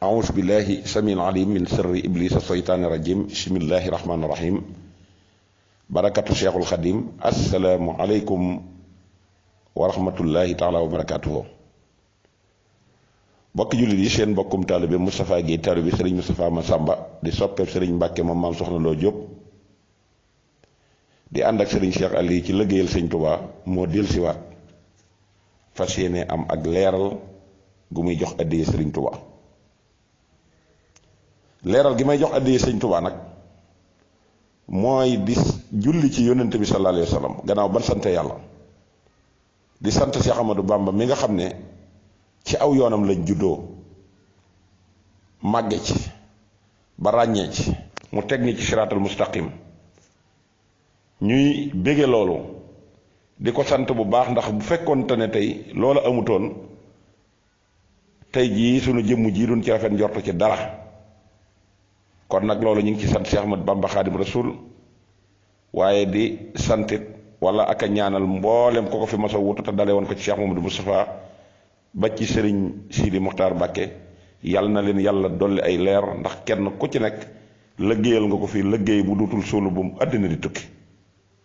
أعوذ بالله سميع العليم من سر إبليس الشيطان الرجيم بسم الله الرحمن الرحيم بركة الشيخ الخديم السلام عليكم ورحمة الله تعالى وبركاته bokki jullit yi seen mbokkum taalibe Moustapha Guèye taalibe Serigne ma Massamba di soppeeb Serigne Mbacke moom maam soxna loo Diop di ànd ak Serigne Cheikh Ali ci liggéeyal Sëñ Touba moo dellusiwaat fas yéene am ak leeral gu muy jox addiyee Serigne Touba. leeral gi may jox addiya sëñ Tuubaa nag mooy di julli ci yónnent bi sallallahu alayhi wa gannaaw ban sante yàlla di sant Cheikh Amadou Bamba mi nga xam ne ci aw yoonam lañ juddoo màgge ci ba ràññee ci mu teg ni ci siraatal mustaqim ñuy bége loolu di ko sant bu baax ndax bu fekkoonte ne tey loolu amutoon tey jii sunu jëmm jii duñ ci rafet njort ci dara kon nag loolu ñu ngi ci sant Cheikh Ahmad Bamba Xaadim Rasul waaye di santit wala ak a ñaanal mboolem ko ko fi masa wutu te dale woon ko ci Cheikh Mamadou Moustapha ba ci sëriñ Sidi Muxtaar Mbàkke yàlla na leen yàlla dolli ay leer ndax kenn ku ci nekk lëggéeyal nga ko fi lëggéey bu duutul suulu bu mu àddina di tukki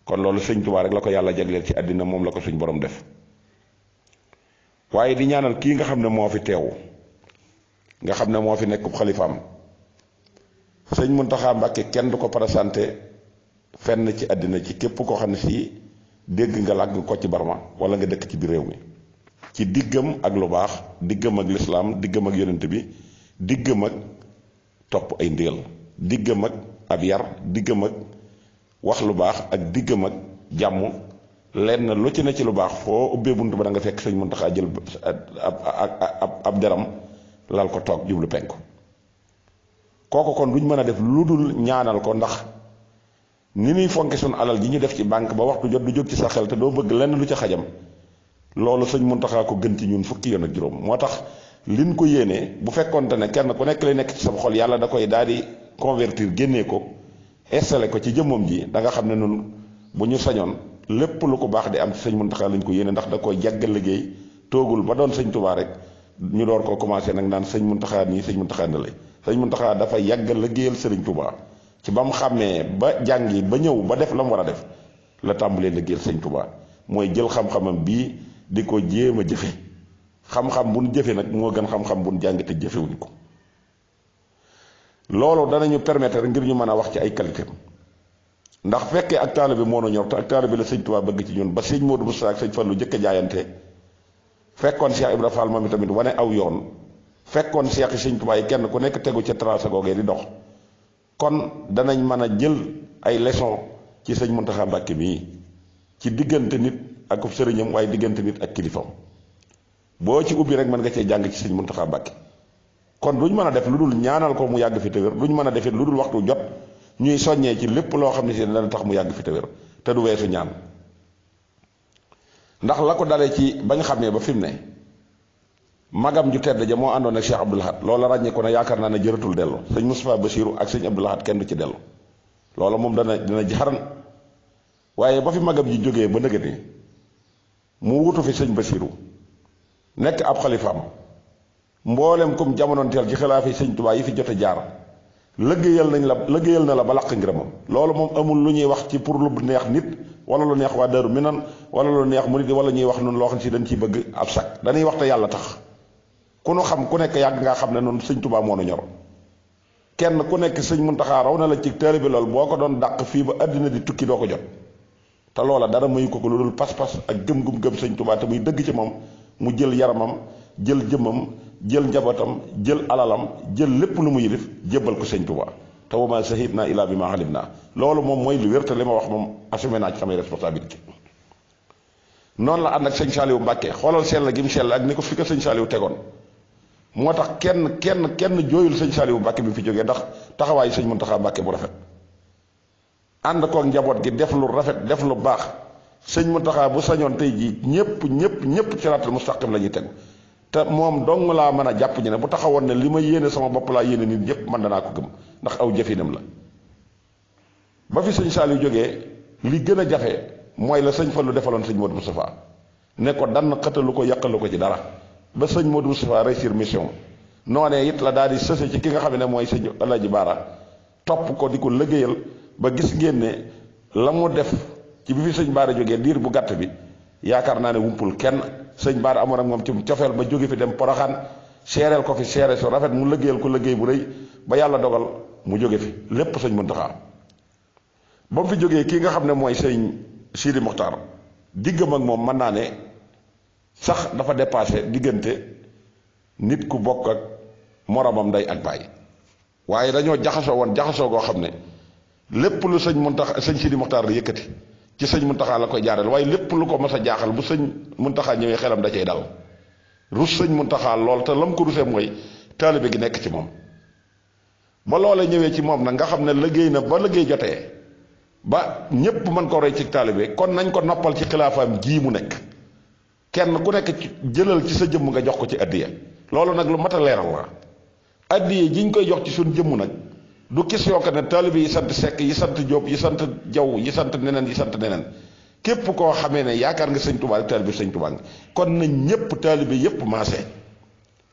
kon loolu sëñ Tuubaa rek la ko yàlla jagleel ci àddina moom la ko suñ boroom def waaye di ñaanal kii nga xam ne moo fi teew nga xam ne moo fi nekk xalifaam sëñ Muntaxa Mbàkke kenn du ko présenté fenn ci àddina ci képp koo xam ne si dégg nga lagg ko ci Barma wala nga dëkk ci biir réew mi ci diggam ak lu baax diggam ak lislaam diggam ak yonent bi diggam ak topp ay ndigal diggam ak ab yar diggam ak wax lu baax ak diggam ak jàmm lenn lu ci ne ci lu baax foo ubbee bunt ba da nga fekk sëñ Muntaxa jël ab ab ab deram lal ko toog jublu penku kooku kon ñu mën a def lu dul ñaanal ko ndax ni ñuy fonke suñu alal ji ñu def ci banque ba waxtu jot du jóg ci sa xel te doo bëgg lenn lu ca xajam loolu sëñ Muntaxa ko gën ci ñun fukki yoon ak juróom moo tax liñ ko yéenee bu fekkonte ne kenn ku nekk lay nekk ci sa xol yàlla da koy daal di convertir génnee ko installé ko ci jëmmam ji da nga xam ne nun bu ñu sañoon lépp lu ko baax di am sëñ Muntaxa lañ ko yéene ndax da koy jàggal liggéey toogul ba doon sëñ Tuubaa rek ñu door koo commencé nag naan sëñ Muntaxa nii sëñ Muntaxa na sëñ Muntaxa dafa yàgg liggéeyal sëriñ Touba ci ba mu xàmmee ba yi ba ñëw ba def la mu war a def la tàmbalee liggéeyal sëñ Touba mooy jël xam-xamam bii di ko jéem a jëfe xam-xam bu nu jëfe nag moo gën xam-xam bu nu jàng te jëfewuñ ko loolu danañu permettre ngir ñu mën a wax ci ay qualité ndax fekkee ak bi moo nu ñor te ak bi la sëñ Touba bëgg ci ñun ba sëñ Modou Moussa ak sëñ Fallou jëkk a jaayante fekkoon Cheikh Ibra Fall moom itamit wane aw yoon fekkoon seex siñ sëñ Tuubaa kenn ku nekk tegu ci tracé googee di dox kon danañ mën a jël ay leçon ci sëñ Muntaxa Mbàkke mii ci diggante nit ak sëriñam waaye diggante nit ak kilifam boo ci ubbi rek mën nga cee jàng ci sëñ Muntaxa Mbàkke kon duñ mën a def lu dul ñaanal ko mu yàgg fi te wér duñ mën a defit lu dul waxtu jot ñuy soññee ci lépp loo xam ne si dana tax mu yàgg fi te te du weesu ñaan ndax la ko dale ci bañ xamee ba fi ne magam ju tedd ja moo àndoon ak Cheikh Abdoul Ahad loola ràññeeku na yaakaar naa ne jëratul dellu sëñ Moustapha Bassirou ak sëñ Abdoul Ahad kenn du ci dellu loola moom dana dana jaxaran waaye ba fi magam ji jógee ba nëgëte mu wutu fi sëñ Bassirou nekk ab xalifaam mboolem kum jamonoonteel ci xilaafi sëñ Tuubaa yi fi jote jaar lëggéeyal nañ la lëggéeyal na la ba làq ngërëmam loolu moom amul lu ñuy wax ci pour lu neex nit wala lu neex waa Daaru Minan wala lu neex murid wala ñuy wax noonu loo xam dañ ciy bëgg ab sag dañuy wax yàlla tax ku nu xam ku nekk yàgg nga xam ne noonu sëñ Tuubaa moo nu ñor kenn ku nekk sëñ Muntaxa raw na la ci tër bi lool boo ko doon dàq fii ba àddina di tukki doo ko jot te loola dara mayu ko ko lu dul pas-pas ak gëm gum gëm sëñ Tuubaa te muy dëgg ci moom mu jël yaramam jël jëmmam jël njabootam jël alalam jël lépp lu mu yilif jébbal ko sëñ Tuubaa te wa maa bi ma bimaa alimnaa loolu moom mooy lu wér te li ma wax moom assumé naa ci samay responsabilité noonu la ànd xoolal sell gi mu sell ko fi ko sëñ Saliou tegoon moo tax kenn kenn kenn jooyul sëñ bu Mbacke bi fi jógee ndax taxawaayu sëñ Mountakha Mbacke bu rafet ànd koog njaboot gi def lu rafet def lu baax sëñ Mountakha bu sañoon tey jii ñëpp ñëpp ñëpp siraatal mustaqim la ñuy tegu te moom dong laa mën a jàpp ñu ne bu taxawoon ne li ma yéene sama bopp laa yéene nit ñëpp man danaa ko gëm ndax aw jëfinam la ba fi sëñ Saliou jógee li gën a jafe mooy la sëñ Fallou defaloon sëñ Modou Moustapha ne ko dann xëtalu ko yàqalu ko ci dara. ba sëñ Modou Moustapha réussir mission noonee it la daal di sëse ci ki nga xam ne mooy sëñ Alaaji Baara topp ko di ko liggéeyal ba gis ngeen ne la mu def ci bi fi sëñ Baara jógee diir bu gàtt bi yaakaar naa ne wumpul kenn sëñ Baara amoon ak moom ci cofeel ba jóge fi dem Poroxaan seereel ko fi seere su rafet mu liggéeyal ko liggéey bu rëy ba yàlla dogal mu jóge fi lépp sëñ Muntaxa ba mu fi jógee kii nga xam ne mooy sëñ Sidi Moxtaar diggam ak moom mën naa ne sax dafa dépassé diggante nit ku bokk ak moromam day ak bàyyi waaye dañoo jaxasoo woon jaxasoo goo xam ne lépp lu sëñ Muntaxa sëñ si di Muxtaar la yëkkati ci sëñ Muntaxa la koy jaareel waaye lépp lu ko mas a jaaxal bu sëñ Muntaxa ñëwee xelam da cay dal rus sëñ Muntaxa lool te lam ko rusee mooy taalibe gi nekk ci moom ba loolee ñëwee ci moom na nga xam ne liggéey na ba liggéey jotee ba ñépp mën ko rey ci taalibe kon nañ ko noppal ci xilaafaam jii mu nekk kenn ku nekk jëlal ci sa jëmm nga jox ko ci addiya loolu nag lu mat a leeral la addiya ji ñu koy jox ci suñu jëmm nag du yoo que ne taalibe yi sant sekk yi sant jóob yi sant jaw yi sant neneen yi sant neneen képp koo xamee ne yaakaar nga sëñ Tuubaa rek sëñ Tuubaa nga kon na ñépp taalibe yépp maase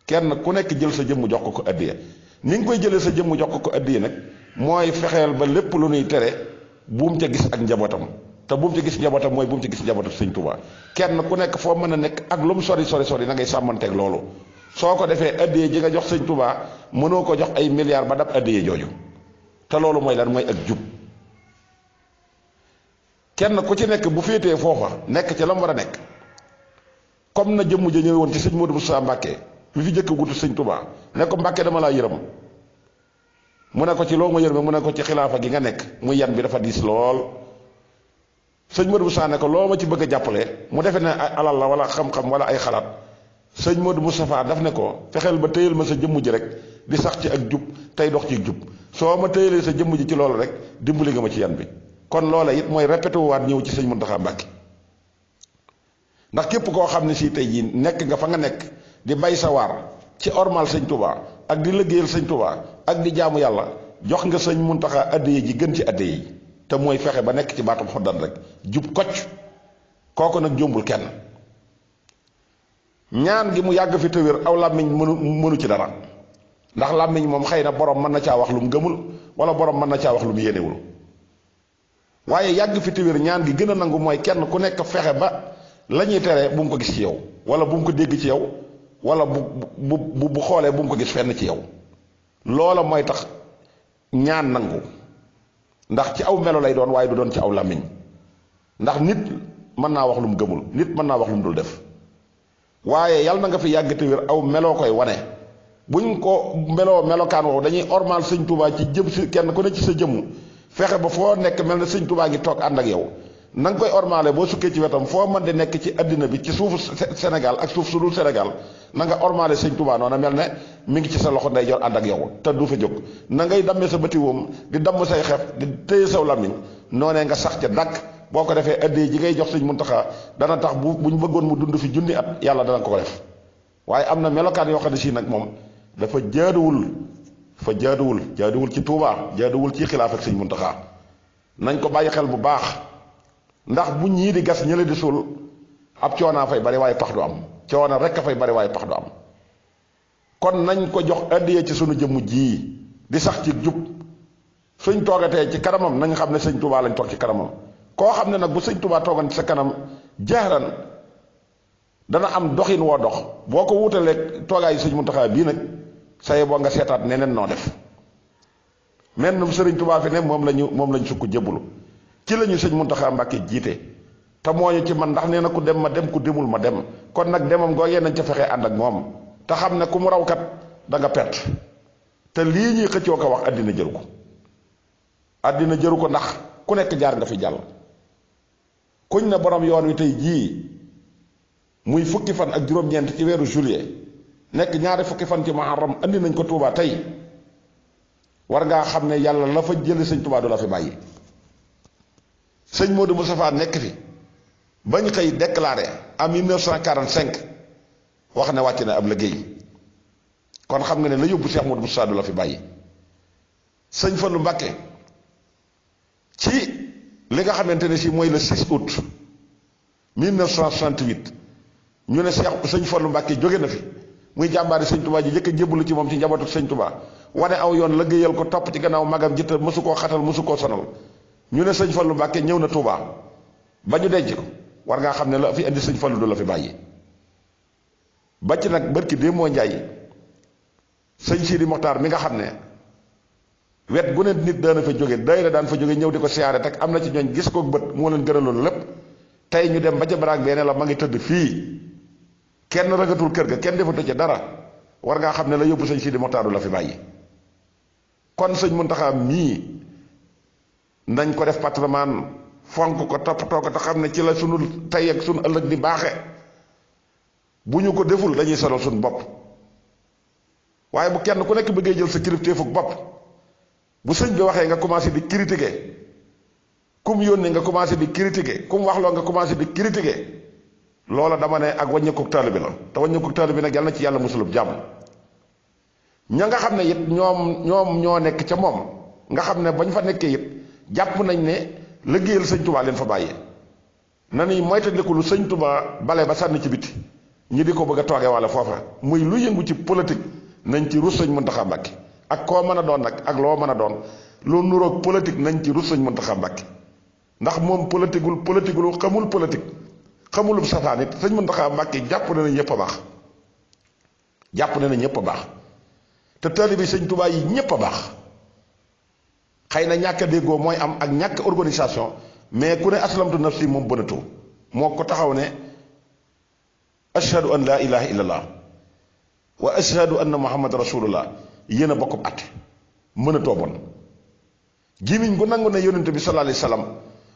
kenn ku nekk jël sa jëmm jox ko ko addiya ni nga koy jëlee sa jëmm jox ko ko addiya nag mooy fexeel ba lépp lu nuy tere buum ca gis ak njabootam te bu mu ci gis njabootam mooy bu mu ci gis njabootam sëñ Tuubaa kenn ku nekk foo mën a nekk ak lu mu sori sori sori na ngay sàmmanteeg loolu soo ko defee addiyee ji nga jox sëñ Tuubaa mënoo ko jox ay milliards ba dab addiyee jooju te loolu mooy lan mooy ak jub kenn ku ci nekk bu féetee foofa nekk ci la war a nekk comme na jëmm ja ñëwee woon ci sëñ Modou Moussa Mbacke mi fi jëkk wutu sëñ tubaa nekk ko Mbacke dama laa yërëm mu ne ko ci loo ma yërëm mu ne ci xilaafa gi nga nekk muy yan bi dafa diis lool. sëñ Modou Moussa ne ko loo ma ci bëgg a jàppale mu defee ne ay alal la wala xam-xam wala ay xalaat sëñ Modou Moustapha daf ne ko fexeel ba téyel ma sa jëmm ji rek di sax ci ak jub tey dox ci jub soo ma téyelee sa jëmm ji ci loolu rek dimbali nga ma ci yan bi kon loola it mooy répété ñëw ci sëñ Mountakha Mbacké ndax képp koo xam ne si tey jii nekk nga fa nga nekk di bay sa waar ci ormal sëñ Touba ak di liggéeyal sëñ Touba ak di jaamu yàlla jox nga sëñ Mountakha addiya ji gën ci addiya yi te mooy fexe ba nekk ci baatum xoddan rek jub kocc kooku nag jombul kenn ñaan gi mu yàgg fi tëwér aw làmmiñ mënu mënu ci dara ndax làmmiñ moom xëy na boroom mën na caa wax lu mu gëmul wala borom mën na caa wax lu mu yéenewul waaye yàgg fi tëwér ñaan gi gën a nangu mooy kenn ku nekk fexe ba lañuy tere teree bu mu ko gis ci yow wala bu ko dégg ci yow wala bu bu xoolee bu mu ko gis fenn ci yow loola mooy tax ñaan nangu ndax ci aw melo lay doon waaye du doon ci aw làmmiñ ndax nit mën naa wax lu mu gëmul nit mën naa wax lu dul def waaye yàlla na nga fi yàgg te aw meloo koy wane bu ñu ko meloo melokaan woowu dañuy ormal sëñ Touba ci jëm si kenn ku nekk ci sa jëmm fexe ba foo nekk mel na sëñ Touba ngi toog ànd ak yow na nga koy ormale boo sukkee ci wetam foo mën di nekk ci àddina bi ci suufu Sénégal ak suuf su dul Sénégal nanga nga ormaale sëñ Tuubaa noonu mel ne mi ngi ci sa loxo ndeyjoor ànd ak yow te du fa jóg na ngay dammee sa bëti woom di damm say xef di téye saw làmmiñ noonee nga sax ca dàkk boo ko defee addee ji ngay jox sëñ Muntaxa dana tax bu bu ñu bëggoon mu dund fi junni at yàlla dana ko ko def waaye am na melokaan yoo xam ne si nag moom dafa jaaduwul fa jaaduwul jaaduwul ci Tuubaa jaaduwul ci xilaaf ak sëñ Muntaxa nañ ko bàyyi xel bu baax ndax bu ñii di gas ñële di suul ab coonaa fay bari waaye pax du am coono rek a fay bari waaye pax du am kon nañ ko jox addiya ci sunu jëmm jii di sax ci jub suñ toogatee ci kanamam nañ xam ne sëñ tubaa lañ toog ci kanamam koo xam ne nag bu sëñ Tuubaa toogan ci sa kanam jeexran dana am doxin woo dox boo ko wutalee toogaayu sëñ Muntaxaa bii nag saye boo nga seetaat ne neneen noo def mel num sëriñ Tuubaa fi ne moom lañu moom lañ sukk jëbulu ci lañu sëñ Muntaxaa Mbàkke jiite te moo ñu ci man ndax nee na ku dem ma dem ku demul ma dem kon nag demam googee nañ ca fexe ànd ak moom te xam ne ku mu raw kat da nga te lii ñuy xëccoo ko wax àddina jëru ko àddina jëru ko ndax ku nekk jaar nga fi jàll kuñ ne borom yoon wi tey jii muy fukki fan ak juróom-ñeent ci weeru juillet nekk ñaari fukki fan ci muharram andi nañ ko tuubaa tey war ngaa xam ne yàlla la fa jële sëñ Touba du la fi bàyyi sëñ Modou Moustapha nekk fi. bañ xëy déclaré en 1945 wax ne wàcc na ab liggéey kon xam nga ne la yóbbu Cheikh moo Moussa du la fi bàyyi sëñ lu Mbacké ci li nga xamante ne si mooy le 6 août 1968 ñu ne Cheikh sëñ Fallou Mbacké jóge na fi muy jàmbaari sëñ Touba ji njëkk a jébbalu ci moom ci njabootu sëñ Touba wane aw yoon liggéeyal ko topp ci gannaaw magam jëtta mësu koo xatal mësu koo sonal ñu ne sëñ Fallou Mbacké ñëw na tuubaa ba ñu denc ko. war ngaa xam ne la fi indi sëñ Fallu du la fi bàyyi ba ci nag bërki dee moo njaay sëñ Sidi Moxtaar mi nga xam ne wet gu ne nit daana fa jóge daayira daan fa jóge ñëw di ko siyaare teg am na ci ñoñ gis ko bët moo leen gëraloon lépp tey ñu dem ba ca baraag beneen la ma ngi tëdd fii kenn ragatul kër gi kenn defatu ci dara war ngaa xam ne la yóbbu sëñ Sidi Moxtaar la fi bàyyi kon sëñ Muntaxa mii nañ ko def patrimoine fonk ko toppatoo ko te xam ne ci la sunu tey ak sunu ëllëg di baaxe bu ñu ko deful dañuy sonal sunu bopp waaye bu kenn ku nekk bëggee jël sa kilifteefug bopp bu sëñ bi waxee nga commencé di critiquer kum yónni nga commencé di critiquer kum waxloo nga commencé di critiquer loola dama ne ak wàññeeku taalibe la te wàññeeku taalibe nag yàlla na ci yàlla musulub jàmm ña nga xam ne it ñoom ñoom ñoo nekk ca moom nga xam ne bañ fa nekkee it jàpp nañ ne. liggéeyal sëñ tubaa leen fa bàyyee na ni moytandiku lu sëñ tubaa bale ba sànni ci biti ñi di ko bëgg a tooge walla foofa muy lu yëngu ci politique nañ ci rus sëñ Muntaxa Mbàkke ak koo mën a doon nag ak loo mën a doon loo nuroog politique nañ ci rus sëñ Muntaxa Mbàkke ndax moom politiqueul politiqueul xamul politique xamulum safaan it sëñ Muntaxa Mbàkke jàpp na ne ñëpp a baax jàpp na ne ñëpp a baax te taalibe sëñ tubaa yi ñëpp a baax xëy na ñàkk a déggoo mooy am ak ñàkk organisation mais ku ne aslamtu nafsi moom bënatu moo ko taxaw ne ashhadu an laa ilaha illallah wa ashhadu anna muhammad rasulullah yéen a bokkub at mënatoo bon gémmiñ gu nangu ne yonent bi sallallahu alayhi wasallam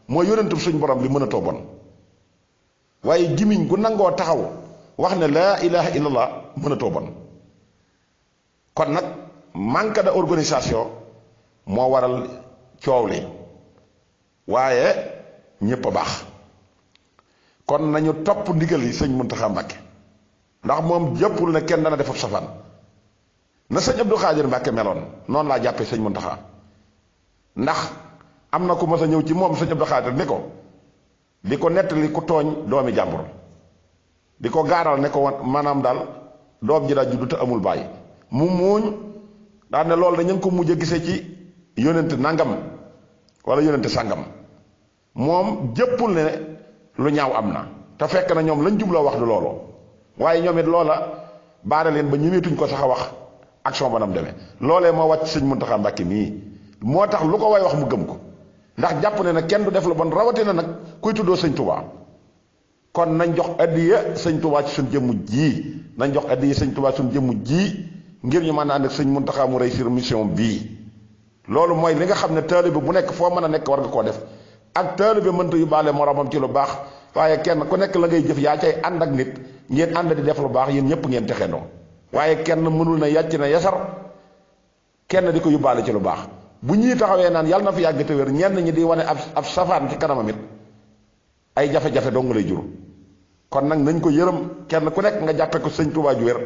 mooy yonentub suñ borom bi mënatoo bon waaye gémmiñ gu nangoo taxaw wax ne laa ilaha illallah mënatoo bon kon nag manque d'organisation moo waral coow li waaye ñépp a baax kon nañu topp ndigal yi sëñ Muntaxa Mbàkke ndax moom jëppul ne kenn dana defab safaan na sëñ Abdou Xaadir Mbàkke meloon noonu laa jàppee sëñ Muntaxa ndax am na ku mas a ñëw ci moom sëñ Abdou Xaadir ni ko di ko nettali ku tooñ doomi jàmbur di ko gaaral ne ko maanaam daal doom ji daa juddu amul bàyyi mu muuñ daan ne loolu dañu ngi ko mujj a ci yónent nangam wala yónent sàngam moom jëppul ne lu ñaaw am na te fekk na ñoom lañ jubloo wax du loolu waaye ñoom it loola baare leen ba ñu ñemeetuñ ko sax a wax action ba nam demee loolee moo wàcc sëñ Muntaxa Mbàkke mii moo tax lu ko waay wax mu gëm ko ndax jàpp ne nag kenn du def lu bon na nag kuy tuddoo sëñ Tuubaa kon nañ jox addiya sëñ Tuubaa ci suñ jëmm ji nañ jox addiya sëñ Tuubaa suñ jëmm ji ngir ñu mën a ànd ak sëñ Muntaxa mu réussir mission bii loolu mooy li nga xam ne taalibe bu nekk foo mën a nekk war nga koo def ak taalibe mënta yóbbaale moroomam ci lu baax waaye kenn ku nekk la ngay jëf yaa cay ànd ak nit ngeen ànd di def lu baax yéen ñëpp ngeen texeendoo waaye kenn mënul na yàcc na yasar kenn di ko yu yóbbaale ci lu baax bu ñuy taxawee naan yàlla na fi yàgg te wér ñenn ñi di wane ab ab safaan ci kanamam ay jafe-jafe dong lay jur kon nag nañ ko yërëm kenn ku nekk nga jàppe ko sëñ Tuubaa ju wér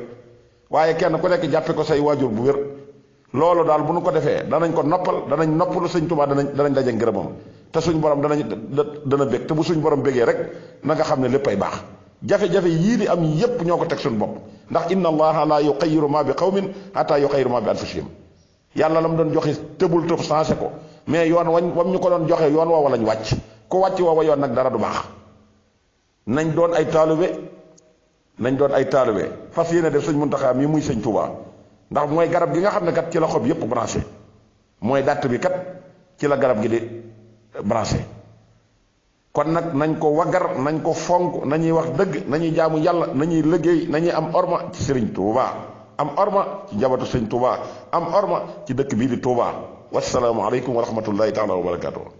waaye kenn ku nekk jàppe ko say waajur bu wér loolu daal bu nu ko defee danañ ko noppal danañ noppalu sëñ Tuubaa danañ danañ daje ngërëmam te suñ borom danañ dana bég te bu suñ borom bégee rek na nga xam ne lépp ay baax jafe-jafe yii di am yépp ñoo ko teg suñ bopp ndax inna allaha la yuqayyiru ma bi qawmin hatta yuqayyiru ma bi anfusihim yàlla la mu doon joxe tëbul tëb sensé ko mais yoon wañ wam ñu ko doon joxee yoon woowa lañ wàcc ku wàcc wa yoon nag dara du baax nañ doon ay taalibe doon ay taalibe fas yéene def sëñ Muntaxa mi muy sëñ ndax mooy garab gi nga xam ne kat ci la xob yépp branché mooy dàtt bi kat ci la garab gi de branché kon nag nañ ko waggar nañ ko fonk nañuy wax dëgg nañuy jaamu yàlla nañuy liggéey nañuy am orma ci sëriñ Touba am orma ci njabootu sëriñ Touba am orma ci dëkk bii di Touba wasalaamualeykum wa rahmatullahi taala wa barakatuh